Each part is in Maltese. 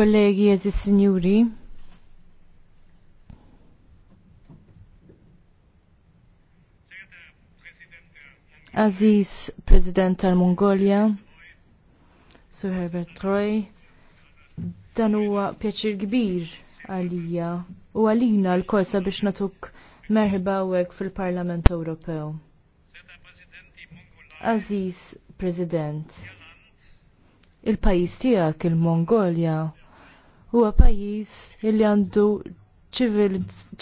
kollegi eżi sinjuri. Aziz President tal-Mongolia, Sir Herbert Troy, dan huwa pjaċir kbir għalija u għalina l-korsa biex natuk merħba għek fil-Parlament Ewropew. Aziz President, il-pajis tijak il-Mongolia huwa pajjiż li għandu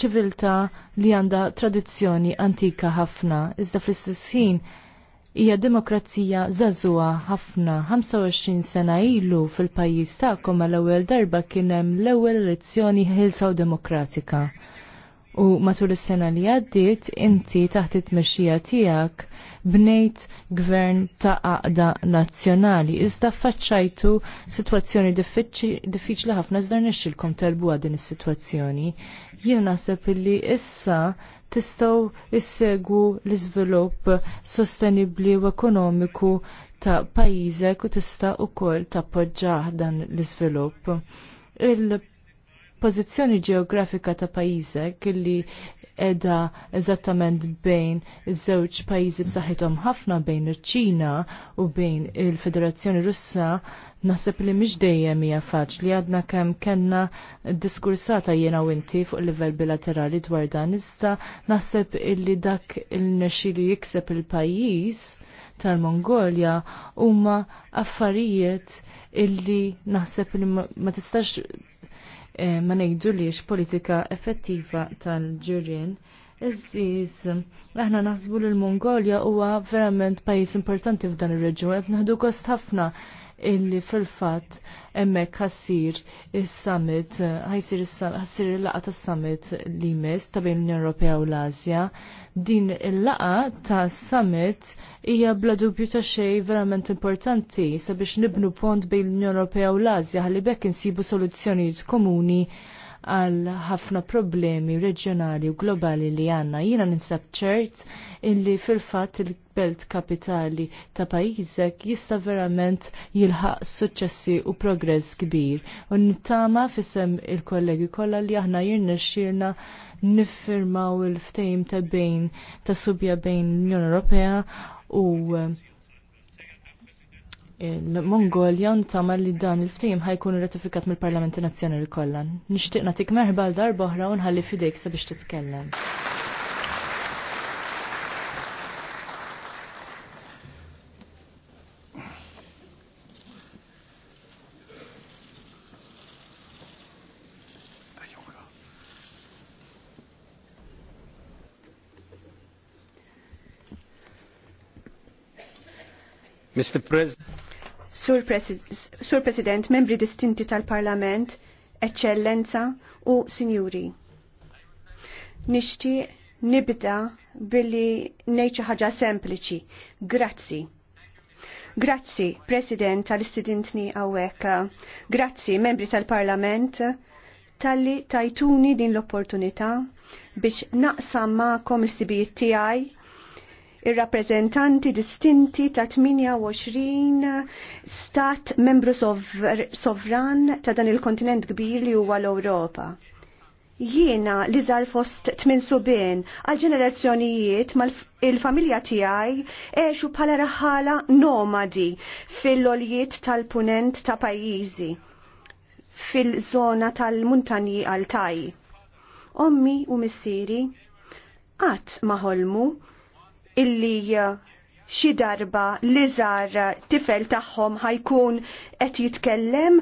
ċiviltà li għandha tradizzjoni antika ħafna, iżda fl-istess ħin hija demokrazija żagħżugħa ħafna 25 e sena ilu fil-pajjiż tagħkom għall ewwel darba kien hemm l-ewwel elezzjoni ħilsa u demokratika. U matul is-sena li għaddiet inti taħt it-tmexxija tiegħek bnejt gvern ta' Aqda nazzjonali. Iżda faċċajtu sitwazzjoni diffiċli ħafna iżda nixxilkom terbu din is-sitwazzjoni. Jien naħseb illi issa tistgħu issegwu l-iżvilupp sostenibbli u ekonomiku ta' pajjiżek u tista' ukoll tappoġġjah dan l-iżvilupp pożizzjoni ġeografika ta' pajjiżek illi edha eżattament bejn iż-żewġ pajjiżi b'saħħithom ħafna bejn iċ-Ċina u bejn il-Federazzjoni Russa naħseb li mhix dejjem hija faċli għadna kemm kellna diskursata jiena u inti fuq livell bilaterali dwar dan iżda naħseb illi dak il nexxi li jikseb il-pajjiż tal-Mongolja huma affarijiet illi naħseb li ma tistax Eh, ma nejdu liex politika effettiva tal-ġurien. Iżiz, aħna naħsbu l-Mongolja huwa verament pajis importanti f'dan ir-reġjun qed naħdu kost ħafna illi fil-fat emme ħassir il-summit, għajsir il-laqa ta' summit li mis ta' bejn l-Unjoni Ewropea u l-Azja. Din il-laqa ta' summit hija bla dubju ta' xej verament importanti sabiex nibnu pont bejn l-Unjoni Ewropea u l-Azja għalli bekk insibu soluzzjonijiet komuni għal ħafna problemi reġjonali u globali li għanna. Jina ninsab ċert illi fil-fat il-belt kapitali ta' pajizek jista verament jilħaq suċessi u progress kbir. U nittama fissem il-kollegi kolla li aħna jirna xirna niffirmaw il-ftejm ta' bejn ta' subja bejn l-Unjoni Ewropea u eh, il-Mongolja ntama li dan il-ftejim ħajkun ratifikat mill-Parlamenti Nazzjonali kollha. Nixtieq nagħtik merħba l bohra u nħalli fidejk sabiex titkellem. Mr. President. Sur, Presi Sur President, membri distinti tal-Parlament, Eccellenza u Signuri. Nixtieq nibda billi nejċa ħaġa sempliċi. Grazzi. Grazzi, President, tal istidintni għawek. Grazzi, membri tal-Parlament, tal-li tajtuni din l-opportunità biex naqsam ma' komissibijiet tiegħi ir-rappreżentanti distinti ta' 28 stat membru sovr sovran ta' dan il-kontinent kbir li huwa l-Ewropa. Jiena li żar fost tmin subien għal ġenerazzjonijiet mal il-familja tiegħi għexu bħala raħala nomadi fil-oljiet tal-punent ta' pajjiżi fil-żona tal-muntanji għal-taj. Ommi u missieri qatt ma ħolmu illi uh, xi darba li żar uh, tifel tagħhom ħajkun qed jitkellem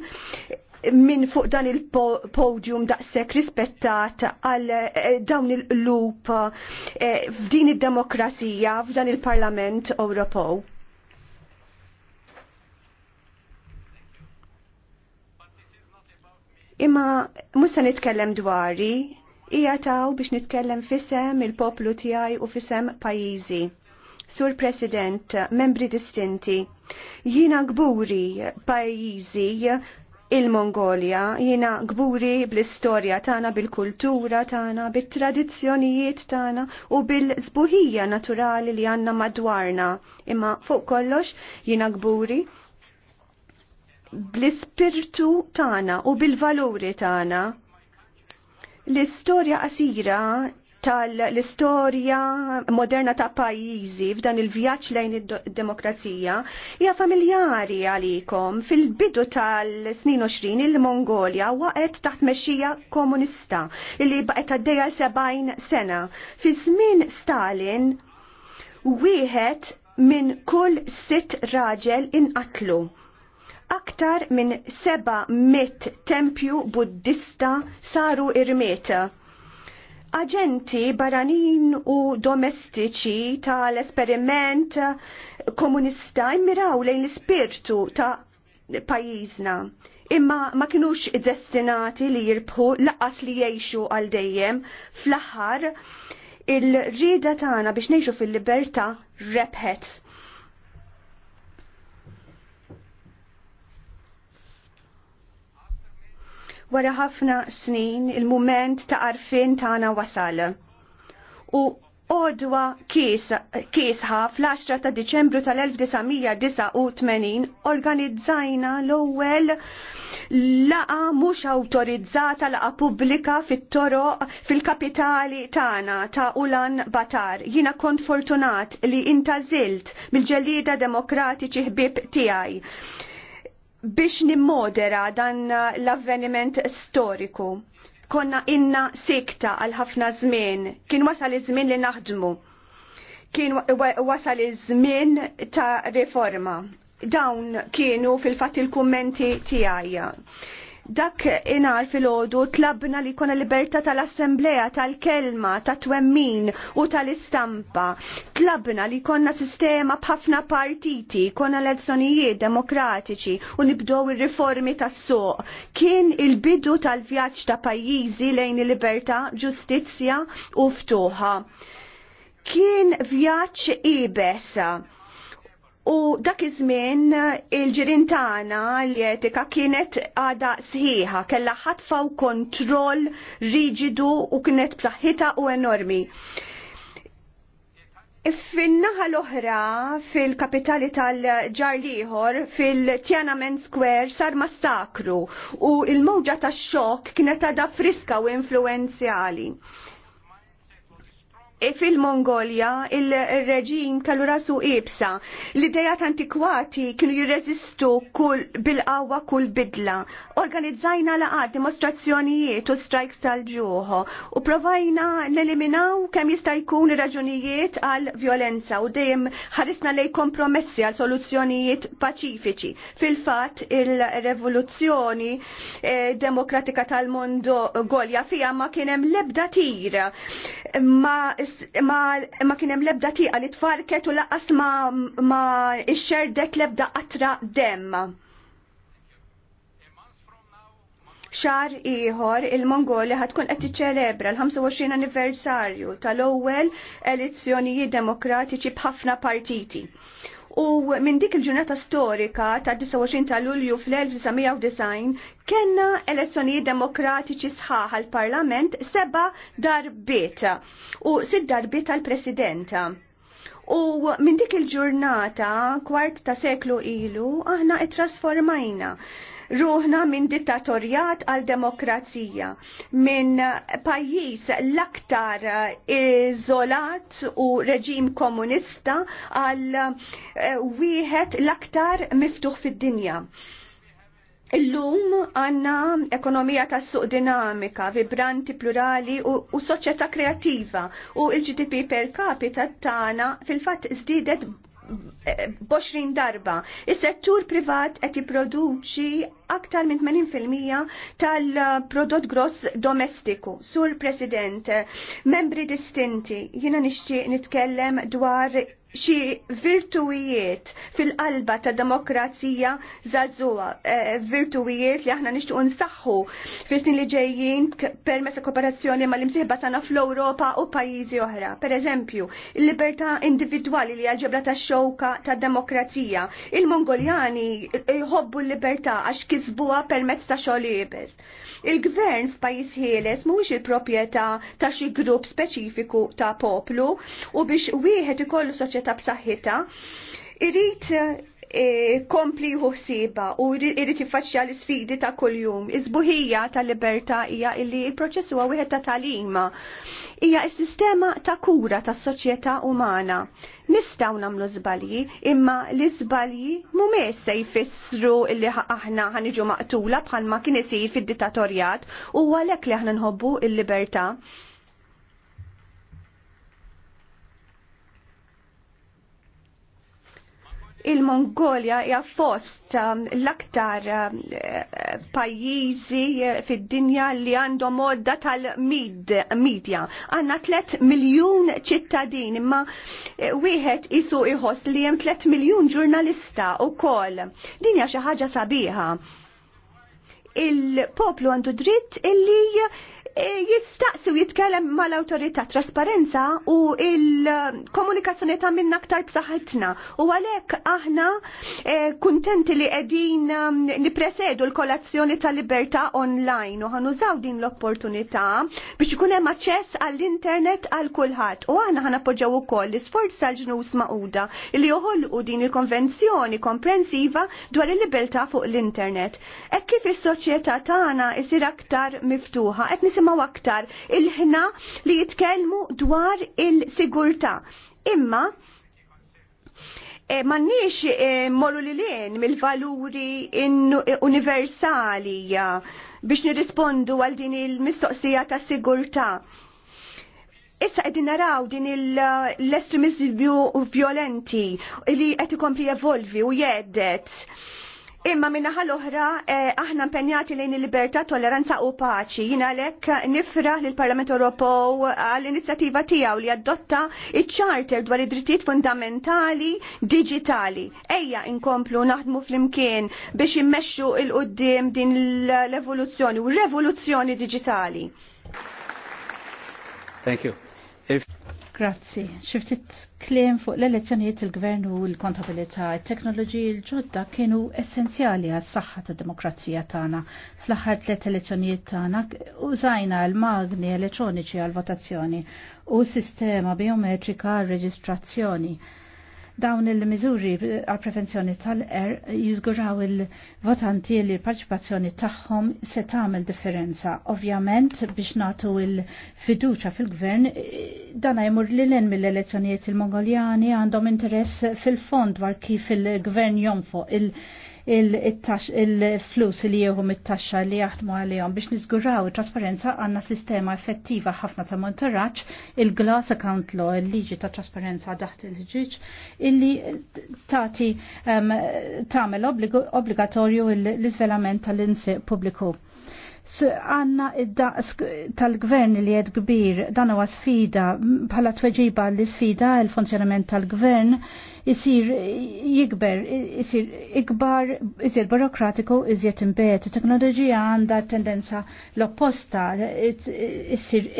minn fuq dan il-podium daqshekk rispettat għal uh, dawn il-lup f'din id-demokrazija f'dan il-Parlament Ewropew. Imma mhux se nitkellem dwari, Ija taw biex nitkellem fisem il-poplu tijaj u fisem pajizi. Sur President, membri distinti, jina gburi pajizi il-Mongolia, jina gburi bl-istoria tana, bil-kultura tana, bil-tradizzjonijiet tana u bil zbuhija naturali li għanna madwarna. Imma fuq kollox jina gburi bl-ispirtu tana u bil-valuri tana L-istorja qasira tal-istorja moderna ta' pajjiżi f'dan il-vjaġġ lejn id-demokrazija hija familjari għalikom fil-bidu tal-snin 20 il-Mongolja waqgħet taħt mexxija komunista li baqgħet għaddejja 70 sena. Fi żmien Stalin wieħed minn kull sitt raġel inqatlu Aktar minn 700 tempju buddista saru irmiet. Aġenti baranin u domestiċi tal-esperiment komunista immiraw lejn l-spirtu ta' pajizna imma ma kinux destinati li jirbħu laqas li jiexu għal dejjem fl-aħħar il-rida tagħna biex ngħixu fil-libertà rebħet Wara ħafna snin il-mument ta' arfin tagħna wasal. U Odwa kiesħa fl-10 ta' Diċembru tal-1989 organizzajna l-ewwel laqa mhux awtorizzata laqa pubblika fit-toroq fil-kapitali tagħna ta' Ulan Batar. Jiena kont fortunat li intażilt mill-ġellieda demokratiċi ħbib tiegħi biex nimmodera dan uh, l-avveniment storiku. Konna inna sikta għal ħafna żmien, kien wasal iż-żmien li naħdmu. Kien wasal iż-żmien ta' riforma. Dawn kienu fil-fatt il-kummenti tiegħi. Dak inar fil-ħodu tlabna li kuna libertà tal-assembleja, tal-kelma, ta' twemmin u tal-istampa. Tlabna li konna sistema bħafna partiti, konna lezzonijiet demokratiċi u nibdow il-riformi tas soq Kien il-bidu tal-vjaġġ ta' pajjiżi lejn il-libertà, ġustizzja u ftuħa. Kien vjaġġ ibes U dak iż-żmien il-ġirin tagħna l-etika kienet għada sħiħa, kellha ħatfa u kontroll riġidu u kienet b'saħħitha u enormi. Fin-naħa l-oħra fil-kapitali tal-ġar liħor fil tianamen Square sar massakru u il-mowġa tax-xokk kienet għada friska u influenzjali. E fil-Mongolja il-reġim kellu rasu ibsa. L-idejat antikwati kienu jirreżistu kull bil-qawwa kull bidla. Organizzajna laqad dimostrazzjonijiet u strikes tal ġuħu u provajna neliminaw kemm jista' jkun raġunijiet għal violenza u dejjem ħarisna lej kompromessi għal soluzzjonijiet paċifiċi. Fil-fatt il-revoluzzjoni eh, demokratika tal Golja fija ma kien hemm lebda tir ma ma kienem lebda tiqa li tfarket u laqas ma, ma xerdet lebda qatra dem. Xar iħor il-Mongoli ħatkun qed tiċċelebra l-25 anniversarju tal-ewwel elezzjonijiet demokratiċi b'ħafna partiti. U minn dik il-ġurnata storika ta' 29 ta' Lulju fl-1990 kena elezzjonijiet demokratiċi sħaħ għal parlament seba darbiet u sid darbiet tal presidenta U minn dik il-ġurnata kwart ta' seklu ilu aħna it-trasformajna ruħna minn dittatorjat għal demokrazija, minn pajjiż l-aktar eh, iżolat u reġim komunista għal eh, wieħed l-aktar miftuħ fid-dinja. Illum għanna ekonomija ta' suq dinamika, vibranti, plurali u, u soċjetà kreativa u il-GDP per capita tagħna fil-fatt żdiedet boxrin darba. Is-settur privat qed jipproduċi aktar minn 80% tal-prodott gross domestiku. Sur President, membri distinti, jiena nixtieq nitkellem dwar xi virtuijiet fil-qalba ta' demokrazija zazuwa, eh, virtuijiet li aħna nixtiequ nsaħħu fil snin li ġejjin permezz kooperazzjoni mal imsieħba tana fl-Ewropa u pajjiżi oħra. Pereżempju, il-libertà individwali li għal ta' xewka ta' demokrazija. Il-Mongoljani jħobbu l-libertà għax kisbuha permezz ta' xogħol ibes. Il-gvern f'pajjiż ħieles mhuwiex il-proprjetà ta' xi grupp speċifiku ta' poplu u biex wieħed ikollu soċjetà ta' b'saħħitha irid eh, kompli ħsiba u irrid jiffaċċja l-isfidi ta' kuljum. Iżbuħija ta' libertà hija li l-proċess huwa wieħed ta' talima. Hija s-sistema ta' kura tas soċjetà umana. Nistgħu nagħmlu żbalji, imma l-iżbalji mhumiex se jfissru li aħna ħaniġu maqtula bħalma kien isir fid-dittatorjat u għalhekk li aħna nħobbu l-libertà. il-Mongolia hija fost um, l-aktar um, pajjiżi eh, fid-dinja li għandhom modda tal-medja. Għandna 3 miljun ċittadin imma eh, wieħed isu iħoss li hemm 3 miljun ġurnalista wkoll. Din hija xi ħaġa sabiħa. Il-poplu għandu dritt illi E, jistaqsi u jitkellem mal-autorità trasparenza u il-komunikazzjoni ta' minn aktar b'saħħitna. U għalhekk aħna e, kuntenti li qegħdin um, nipresedu l-kolazzjoni ta' libertà online u ħanużaw din l-opportunità biex ikun hemm aċċess għall-internet għal kulħadd. U aħna u ukoll l-isforz tal-ġnus maquda li joħolqu din il-konvenzjoni komprensiva dwar il-libertà fuq l-internet. Ek kif is-soċjetà tagħna isir aktar miftuħa qed nisim nisimgħu aktar il-ħna li jitkellmu dwar il-sigurtà. Imma eh, ma nix eh, mollu li lin mill-valuri eh, universali biex nirrispondu għal din il-mistoqsija ta' sigurta. Issa qegħdin naraw din l-estremizmu violenti li qed ikompli evolvi u jedet. Imma minnaħa l-oħra, eh, aħna impenjati lejn il-libertà, tolleranza u paċi. Jina lek nifraħ l parlament Ewropew għall-inizjattiva tiegħu li adotta iċ-charter dwar id-drittijiet fundamentali digitali. Ejja inkomplu naħdmu flimkien biex immexxu il qudiem din l-evoluzzjoni u revoluzzjoni digitali. Thank you. If... Grazzi. Xiftit kliem fuq l-elezzjonijiet il-gvern u l-kontabilità, il-teknoloġiji l-ġodda kienu essenzjali għas saħħa ta' demokrazija tagħna. Fl-aħħar tliet elezzjonijiet tagħna użajna l-magni elettroniċi għal votazzjoni u sistema biometrika għal reġistrazzjoni Dawn il-miżuri għal prevenzjoni tal-er jizguraw il-votanti li l-parċipazzjoni tagħhom se tagħmel differenza. Ovvjament biex natu il-fiduċa fil-gvern dan jmur li l mill-elezzjonijiet il-Mongoljani għandhom interess fil-fond dwar kif il-gvern jonfoq il-, -gvern il-flus li jieħu mit-taxxa li jaħdmu għalihom biex niżguraw it-trasparenza għandna sistema effettiva ħafna ta' monitoraġġ il-Glass Account Law, il-liġi ta' trasparenza daħt il ġiġ illi tagħti tagħmel obbligatorju l-iżvelament tal-infiq pubbliku għanna id-daqs tal-gvern li jed kbir dan huwa sfida bħala tweġiba li sfida il-funzjonament tal-gvern jisir jikber, jisir ikbar, jisir burokratiku, jisir imbet. Teknoloġija għanda tendenza l-opposta, jisir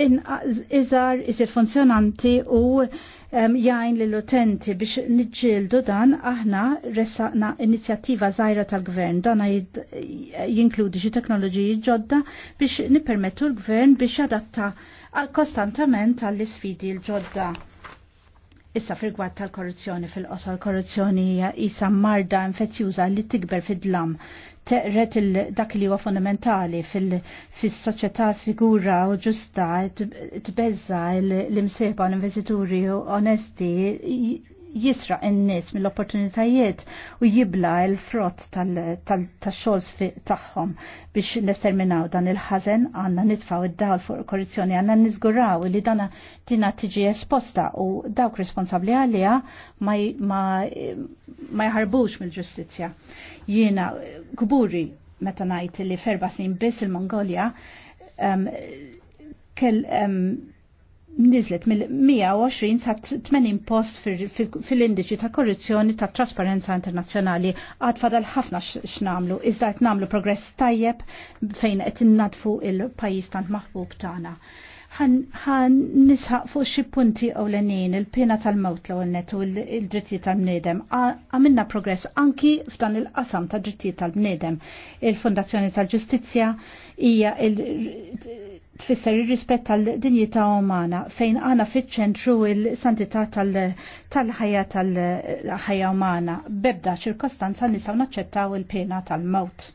iżar, jisir funzjonanti u jgħin l-utenti biex nġildu dan aħna resaqna inizjattiva zaħira tal-gvern dan jinkludi xi teknoloġiji ġodda biex nipermettu l-gvern biex jadatta kostantament għall-isfidi l-ġodda. Issa frigwat tal-korruzzjoni fil-qosor korruzzjoni hija isa marda infezzjuża li tikber fid-dlam teqret dak li huwa fondamentali fis-soċjetà sigura u ġusta tbeżza l-imsieħba l-investituri onesti jisra n-nis mill-opportunitajiet u jibla il-frott tal-xogħol tagħhom biex nesterminaw dan il-ħażen għandna nitfaw id-dawl fuq korruzzjoni għandna niżguraw li dana dina tiġi esposta u dawk responsabbli għaliha ma jħarbux mill-ġustizzja. Jiena kburi meta ngħid li ferba sin biss il-Mongolja kell um, nizlet mill-120 sa 80 post fil-indiċi ta' korruzzjoni ta' trasparenza internazzjonali għad fadal ħafna x'namlu iżda qed nagħmlu progress tajjeb fejn qed innadfu il-pajjiż tant maħbub tagħna. Ħan nisħaq fuq xi punti ewlenin il-pena tal-mewt l net u l-drittijiet tal-bniedem. Għamilna progress anki f'dan il-qasam tad drittijiet tal-bniedem. Il-Fondazzjoni tal-Ġustizzja hija il tfisser ir-rispett tal-dinjità umana fejn għana fiċ-ċentru il-santità tal-ħajja tal-ħajja umana bebda ċirkostanza nistgħu naċċettaw il-pena tal mawt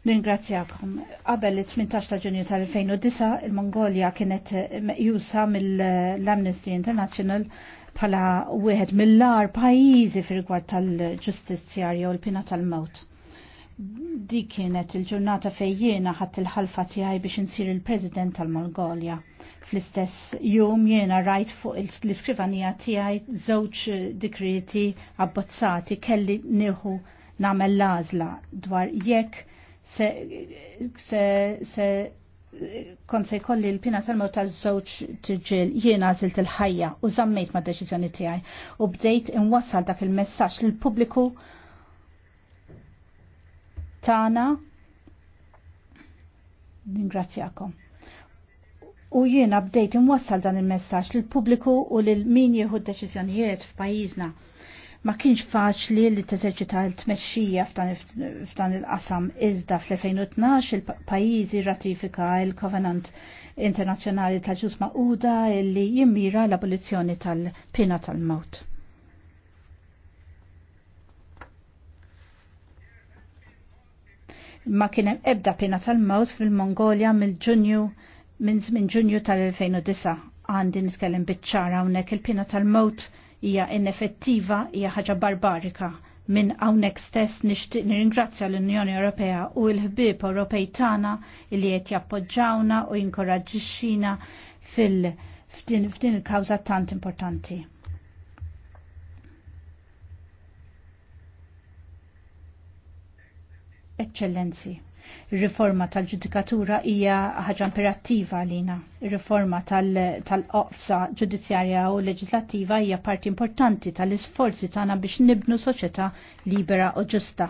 Ningrazzjakom. Qabel it-18 ta' ġunju tal-2009 il-Mongolja kienet meqjusa mill-Amnesty International pala wieħed mill-ar pajjiżi fil rigward tal-ġustizzjarja u l-pina tal-mewt. Dik kienet il-ġurnata jiena ħadd il-ħalfa tiegħi biex insir il-President tal-Mongolja. Fl-istess jum jiena rajt fuq l-iskrivanija tiegħi żewġ dikreti abbozzati kelli nieħu nagħmel l-għażla dwar jekk se, se, se kont se jkolli l-pina tal-mort ta' żewġ tiġil jiena għażilt il-ħajja u żammejt ma' deċiżjoni tiegħi u bdejt inwassal dak il-messaġġ lil pubbliku tagħna ningrazzjakom. U jiena bdejt inwassal dan il-messaġġ lil pubbliku u lil min jieħu d-deċiżjonijiet f'pajjiżna ma kienx faċli li teżerċita l-tmexxija f'dan il-qasam iżda fl-2012 il-pajjiżi ratifika il-Covenant Internazzjonali ta' ġus Uda li jimmira l-abolizzjoni tal-pina tal-mawt. Ma kien hemm ebda pina tal-mawt fil-Mongolja mill-Ġunju minn Ġunju tal-2009 għandi nitkellem biċ-ċara hawnhekk il-pina tal-mawt hija ineffettiva hija ħaġa barbarika. Minn hawnhekk stess nixtieq nirringrazzja l-Unjoni Ewropea u l-ħbieb Ewropej tagħna li qed jappoġġawna u jinkoraġġixxina fil- f'din il-kawża tant importanti. Eccellenzi. Riforma tal-ġudikatura hija ħaġa imperattiva għalina. Riforma tal qofsa tal ġudizzjarja u leġislattiva hija parti importanti tal-isforzi tagħna biex nibnu soċjetà libera u ġusta.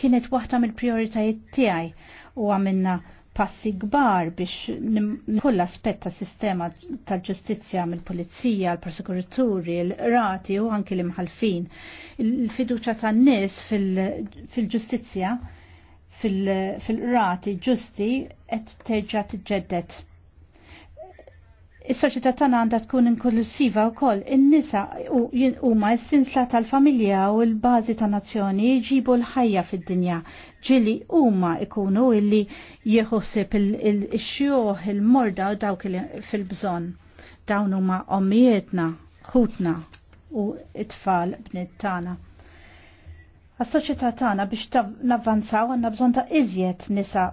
Kienet waħda mill-prioritajiet tiegħi u għamilna passi gbar biex kull aspett ta' sistema tal-ġustizja mill-pulizija, l-prosekuturi, l-rati u anki l-imħalfin. Il-fiduċa tan nies fil-ġustizja fil ġustizja fil fil-rati ġusti qed terġa' tiġġedded. Is-soċjetà tagħna għandha tkun inklusiva wkoll. In-nisa huma s-sinsla tal-familja u l-bażi ta' nazzjoni jġibu l-ħajja fid-dinja. Ġili huma ikunu illi jieħusib il-xjuħ, il-morda u dawk fil-bżonn. Dawn huma ommijietna, ħutna u it-tfal bnit tagħna. Għas-soċjetà tagħna biex navvanzaw għandna bżonn ta' iżjed nisa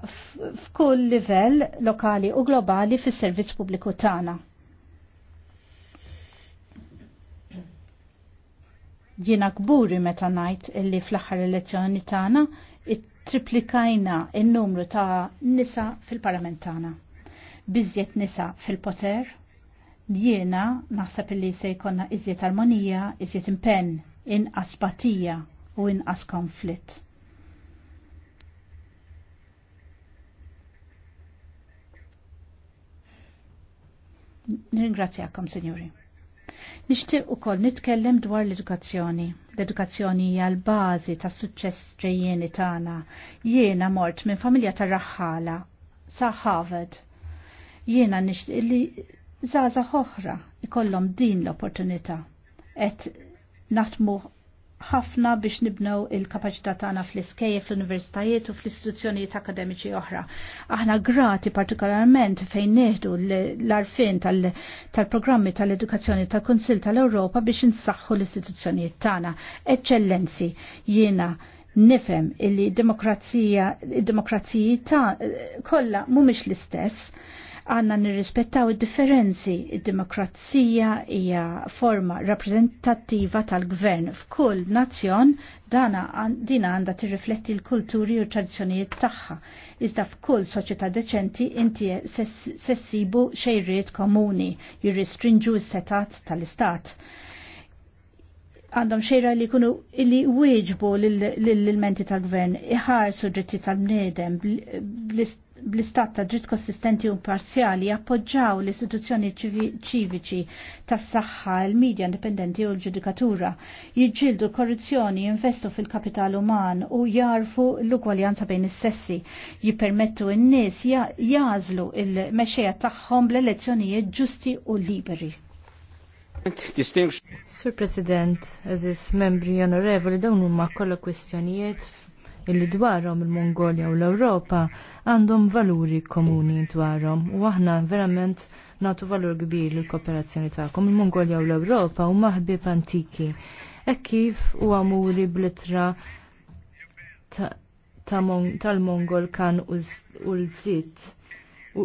f'kull livell lokali u globali fis-servizz pubbliku tagħna. Jiena kburi meta ngħid illi fl-aħħar elezzjoni tagħna triplikajna in-numru ta' nisa fil-parlament tagħna. Biżjed nisa fil-poter, jiena naħseb illi se jkollna iżjed armonija, iżjed impenn, inqas patija u inqas konflitt. Nirringrazzjakom, Sinjuri. Nixtieq ukoll nitkellem dwar l-edukazzjoni. L-edukazzjoni hija l-bażi tas suċċess ġejjieni tagħna. Jiena mort minn familja ta' raħħala sa Harvard. Jiena nixtieq li żgħażagħ oħra ikollhom din l-opportunità qed naħdmu ħafna biex nibnew il-kapacità tagħna fl-iskejjef, fl-universitajiet u fl-istituzzjonijiet akademiċi oħra. Aħna grati partikolarment fejn neħdu l-arfin tal-programmi tal-edukazzjoni tal-Kunsil tal-Ewropa biex insaħħu l-istituzzjonijiet tagħna. Eċċellenzi, jiena nifhem il demokrazija, id-demokraziji ta' kollha mhumiex l-istess għanna nirrispettaw id-differenzi. Id-demokrazija hija forma rappresentativa tal-gvern f'kull nazzjon dana dina għandha tirrifletti l-kulturi u tradizzjonijiet tagħha. Iżda f'kull soċjetà deċenti inti sessibu xejriet komuni jirristrinġu s-setat tal-istat għandhom xejra li kunu li wieġbu l-menti tal-gvern iħarsu dritti tal-bnedem bl-istess bl-istat ta' ġit konsistenti u parzjali appoġġaw l-istituzzjoni ċiviċi tas saħħa il-medja indipendenti u l-ġudikatura, jiġġildu korruzzjoni, investu fil-kapital uman u jarfu l-ugwaljanza bejn is-sessi, jippermettu n-nies jażlu il-mexxejja tagħhom l-elezzjonijiet ġusti u liberi. Sur President, Aziz membri onorevoli, dawn huma kollha kwistjonijiet illi dwarhom il-Mongolja u l-Ewropa għandhom valuri komuni dwarhom u aħna verament natu valur kbir l-kooperazzjoni tagħkom. Il-Mongolja u l-Ewropa u maħbib antiki. E kif u għamuri blitra tal-Mongol kan użit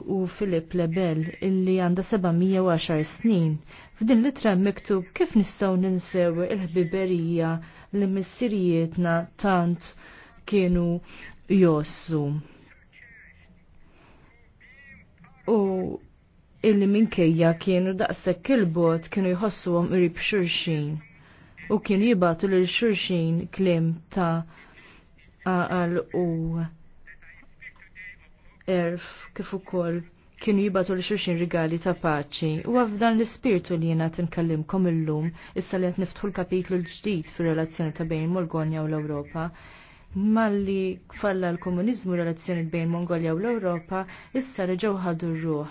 u Filip Lebel illi għanda 710 snin. F'din litra miktub kif nistaw ninsew il-ħbiberija li missirietna tant kienu jossu. U illi minkejja kienu daqshekk il-bot kienu jħossuhom irib xurxin u kienu jibatu lil xurxin klim ta' għal u erf kif ukoll kienu jibatu li xurxin rigali ta' paċi. U għafdan l-spirtu li jena tinkallimkom illum, issa li għat niftħu l-kapitlu l-ġdid fil relazzjoni ta' bejn Molgonja u l-Europa, malli kfalla l-komunizmu relazzjoni bejn Mongolja u l-Ewropa, issa reġgħu ħadu r-ruħ.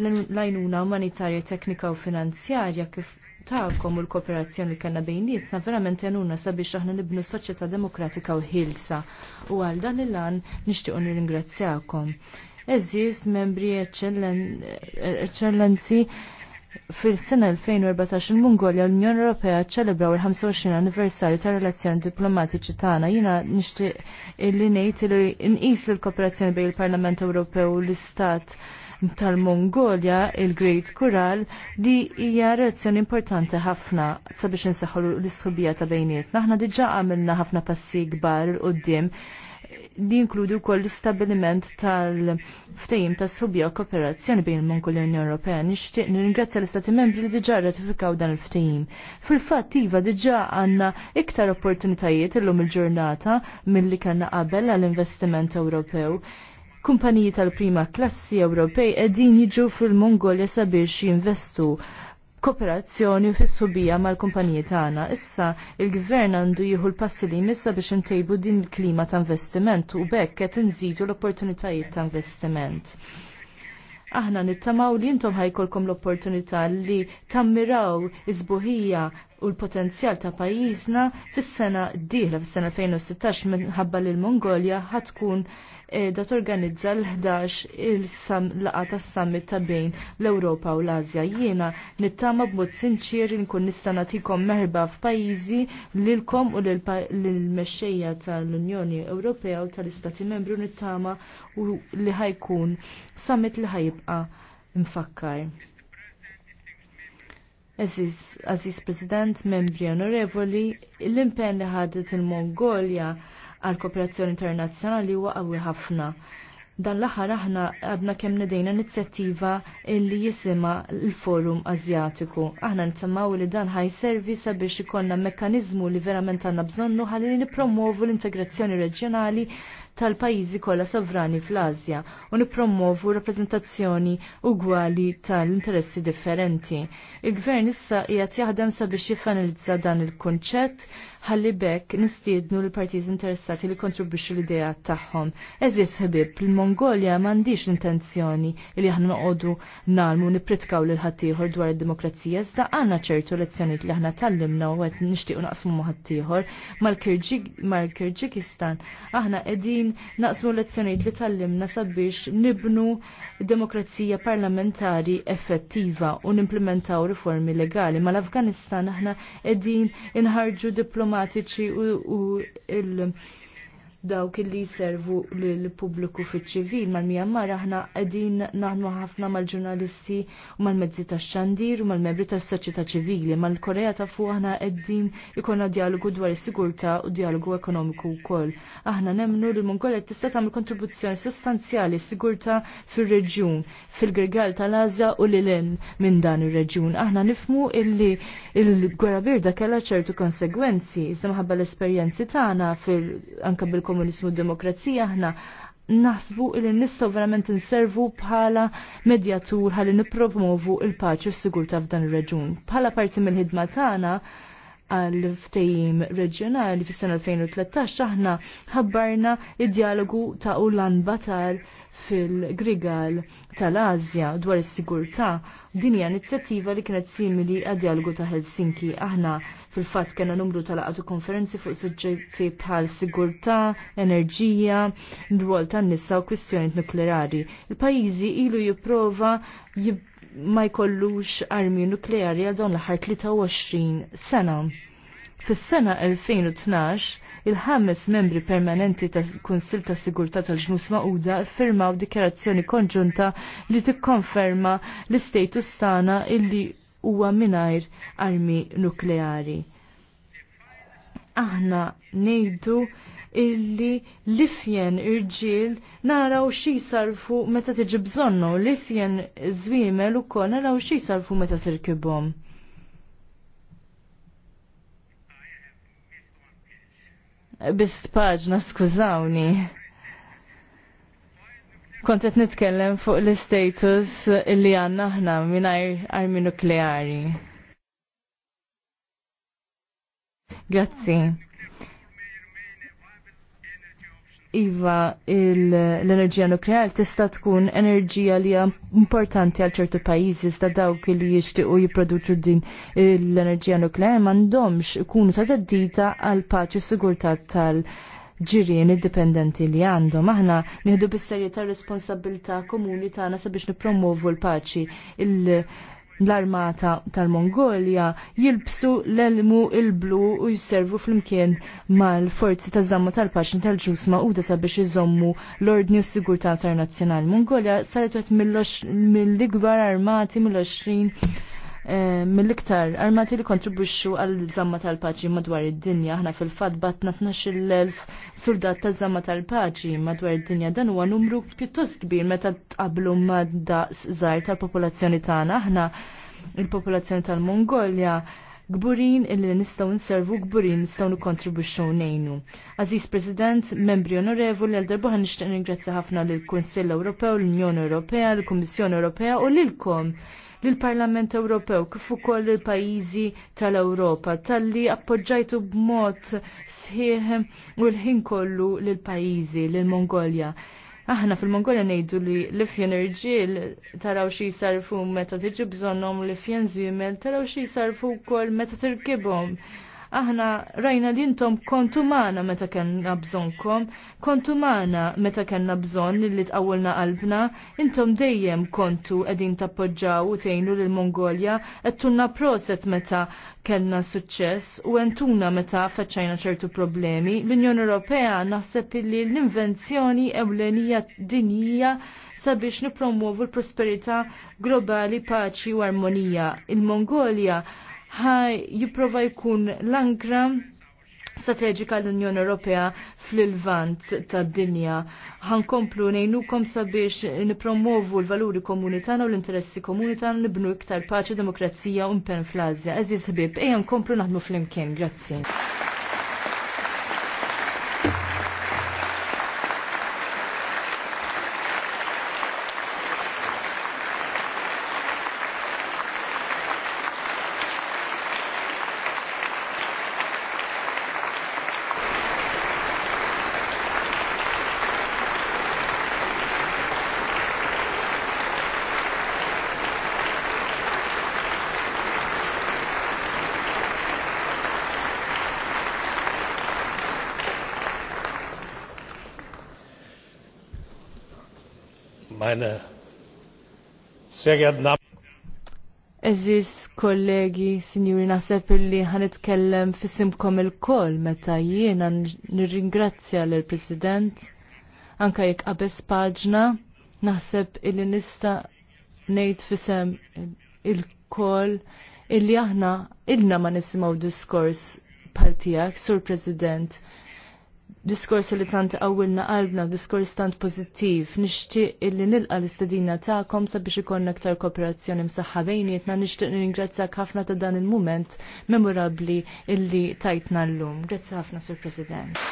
L-għajnuna umanitarja teknika u finanzjarja kif ta'kom u l-kooperazzjoni li kellna bejnietna verament għanuna sabiex aħna nibnu soċjetà demokratika u ħilsa. U għal dan il-lan nixtiequ nirringrazzjakom. Eżis, membri eċċellenzi, Fil-sena 2014 il-Mongolja l-Unjoni Ewropea ċelebraw il-25 anniversarju ta' relazzjoni diplomatiċi tagħna. Jiena nixtieq illi ngħid li inqis l kooperazzjoni bejn il-Parlament Ewropew u l-Istat tal-Mongolja, il-Great Kural, li hija relazzjoni importanti ħafna sabiex insaħħu l-isħubija ta' bejnietna. Aħna diġà għamilna ħafna passi kbar il-qudiem li jinkludi wkoll l-istabiliment tal ftajim ta' u kooperazzjoni bejn il-Monku l-Unjoni Ewropea. Nixtieq nirringrazzja l-Istati Membri li diġà ratifikaw dan il-ftehim. Fil-fatt iva diġà għandna iktar opportunitajiet illum il-ġurnata milli kellna qabel għall-investiment Ewropew kumpaniji tal-prima klassi Ewropej edin jiġu fil-Mongolja sabiex jinvestu kooperazzjoni fis-subija mal-kumpaniji tagħna. Issa il-gvern għandu jieħu l-passi li jmissa biex intejbu din il-klima ta' investiment u bekk qed inżidu l-opportunitajiet ta' investiment aħna nittamaw li jintom ħajkolkom l-opportunità li tammiraw izbuħija u l-potenzjal ta' pajjiżna fis-sena d-dieħla fis-sena 2016 minħabba li l-Mongolja ħatkun edha eh, organizza l-11 il-laqa tas summit ta' bejn l-Ewropa u l-Azja. Jiena nittama b'mod sinċir nkun nista' nagħtikom merba f'pajjiżi lilkom u lill-mexxejja tal-Unjoni Ewropea u tal-Istati Membru nittama u li ħajkun summit li ħajibqa' mfakkar. Aziz President, membri onorevoli, l-impenn li ħadet il-Mongolja għal kooperazzjoni internazzjonali huwa qawwi ħafna. Dan l-aħħar aħna għadna kemm nedejna inizjattiva illi jisima l-Forum Azjatiku. Aħna nsemmaw li dan ħaj servi sabiex ikollna mekkaniżmu li verament għandna bżonnu ħalli nippromovu l-integrazzjoni reġjonali tal-pajjiżi kollha sovrani fl azja u nippromovu rappreżentazzjoni ugwali tal-interessi differenti. Il-gvern issa qiegħed jaħdem sabiex jifanalizza dan il-kunċett ħalli bekk nistiednu l-partijiet interessati li kontribwixxu l-idea tagħhom. Eżis ħbib, il-Mongolja m'għandix l-intenzjoni li aħna noqogħdu nagħmlu nippritkaw lil ħaddieħor dwar id-demokrazija iżda għandna ċertu lezzjonijiet li aħna tallimna u qed nixtiequ naqsmu ma' ħaddieħor mal-Kirġikistan aħna qegħdin qegħdin naqsmu lezzjonijiet li tallimna sabiex nibnu demokrazija parlamentari effettiva u nimplementaw riformi legali. Ma l-Afganistan aħna qegħdin inħarġu diplomatiċi u, u il- dawk li servu lil pubbliku fiċ-ċivil mal-Myanmar aħna qegħdin naħdmu ħafna mal-ġurnalisti u mal-mezzi tax-xandir u mal-membri tas-soċjetà ċivili mal-Korea ta' fuq aħna qegħdin ikolna dialogu dwar is-sigurtà u dialogu ekonomiku wkoll. Aħna nemmnu li l qed tista' tagħmel kontribuzzjoni sostanzjali s-sigurtà fir-reġjun, fil-Girgal tal-Asja u lil minn dan ir-reġjun. Aħna nifmu illi l gwerra birda kellha ċertu konsegwenzi, iżda maħabba l-esperjenzi tagħna fil anke bil l-komunizmu demokrazija aħna naħsbu li nistgħu verament inservu bħala medjatur ħalli nippromovu il-paċi u s-sigurtà f'dan ir-reġun. Bħala parti mill-ħidma tagħna għal ftejim reġjonali fis-sena 2013 aħna ħabbarna id-dialogu ta' Ulan Batal fil-Grigal tal-Azja dwar is-sigurtà. Din hija inizjattiva li kienet simili għad-dialogu ta' Helsinki. Aħna Fil-fatt kena numru tal-għadu konferenzi fuq suġġetti bħal sigurtà, enerġija, dwol tan-nisa u kwistjonijiet nukleari. Il-pajjiżi ilu jipprova ma jkollux armi nukleari għal dawn l-ħar 23 sena. Fis-sena 2012, il-ħames membri permanenti ta' Kunsil ta' Sigurtà tal-Ġnus Mauda firmaw dikjarazzjoni konġunta li tikkonferma l-istatus tagħna illi huwa mingħajr armi nukleari. Aħna ngħidu illi lifjen irġiel naraw xi sarfu meta tiġi bżonnu, lifjen żwiemel ukoll naraw xi sarfu meta sirkibhom. Bist paġna, skużawni. Kont qed nitkellem fuq l-istatus li għandna aħna mingħajr armi nukleari. Grazzi. Iva, l-enerġija nukleari tista' tkun enerġija li hija importanti għal ċertu pajjiżi iżda dawk li jixtiequ jipproduċu din l-enerġija nukleari m'għandhomx ikunu ta' dita għal paċi u sigurtà tal ġirien indipendenti li għandhom. Aħna nieħdu bis-serjetà responsabilità komuni tagħna sabiex nippromovu l-paċi l-armata tal-Mongolja jilbsu l-elmu il-blu u jisservu fl-imkien mal-forzi ta' zamma tal paċin tal-ġus ma'uda sabiex jizommu l-ordni u s-sigurta internazzjonali. Mongolja saret mill-ikbar armati mill-20 Eh, mill-iktar armati li kontribuxxu għal żamma tal-paċi madwar id-dinja. Aħna fil-fatt batna 12,000 soldat ta' żamma tal-paċi madwar id-dinja. Dan huwa numru pjuttost kbir meta tqablu ma' daqs żgħar tal-popolazzjoni tagħna. Aħna il-popolazzjoni tal-Mongolja gburin illi nistaw nservu gburin nistaw nikontribuxxu nejnu. Aziz President, membri onorevoli, għal darbaħan nishtiq ningrazzja ħafna lill kunsill Ewropew, l-Unjoni Ewropea, l-Kummissjoni Ewropea u lilkom lill-Parlament Ewropew kif ukoll il-pajjiżi tal-Ewropa talli appoġġajtu b'mod sħiħ u l-ħin kollu lill-pajjiżi lill-Mongolja. Aħna fil-Mongolja ngħidu li l-ifjen irġiel taraw xi jsarfu meta tiġi bżonnhom l-ifjen żwiemel taraw xi jsarfu wkoll meta tirkibhom aħna rajna li intom kontu maħna meta kellna bżonkom, kontu maħna meta kellna bżon li tqawwilna qalbna, intom dejjem kontu edin tappoġġaw u tgħinu l Mongolja, għettunna proset meta kellna suċċess u entuna meta feċċajna ċertu problemi. L-Unjoni Ewropea naħseb li l-invenzjoni ewlenija dinija sabiex nipromuovu l-prosperità globali, paċi u armonija. Il-Mongolja ħaj jipprova jkun l ankra strateġika l-Unjoni Ewropea fl-ilvant tad-dinja. Ħankomplu nejnukom sabiex nipromovu l-valuri komuni tagħna u l-interessi komuni tagħna nibnu iktar paċi, demokrazija u mpen fl-Azja. Eżiz ħbib, ejja nkomplu naħdmu fl-imkien. Grazzi. meine sehr geehrten Damen Eżis kollegi, sinjuri, naħseb illi ħanitkellem fissimkom il-koll meta jiena nirringrazzja l-President anka jekk qabes paġna naħseb illi nista ngħid fisem il kol illi aħna ilna ma nisimgħu diskors bħal tiegħek sur President diskors li tant għawilna qalbna, diskors tant pozittiv, nishtiq illi nilqa l-istadina ta'kom sabiex ikonna ktar kooperazzjoni msaħħa bejnietna, nishtiq ningrazzjak ħafna ta' dan il-moment memorabli illi tajtna l-lum. Grazzi ħafna, Sur President.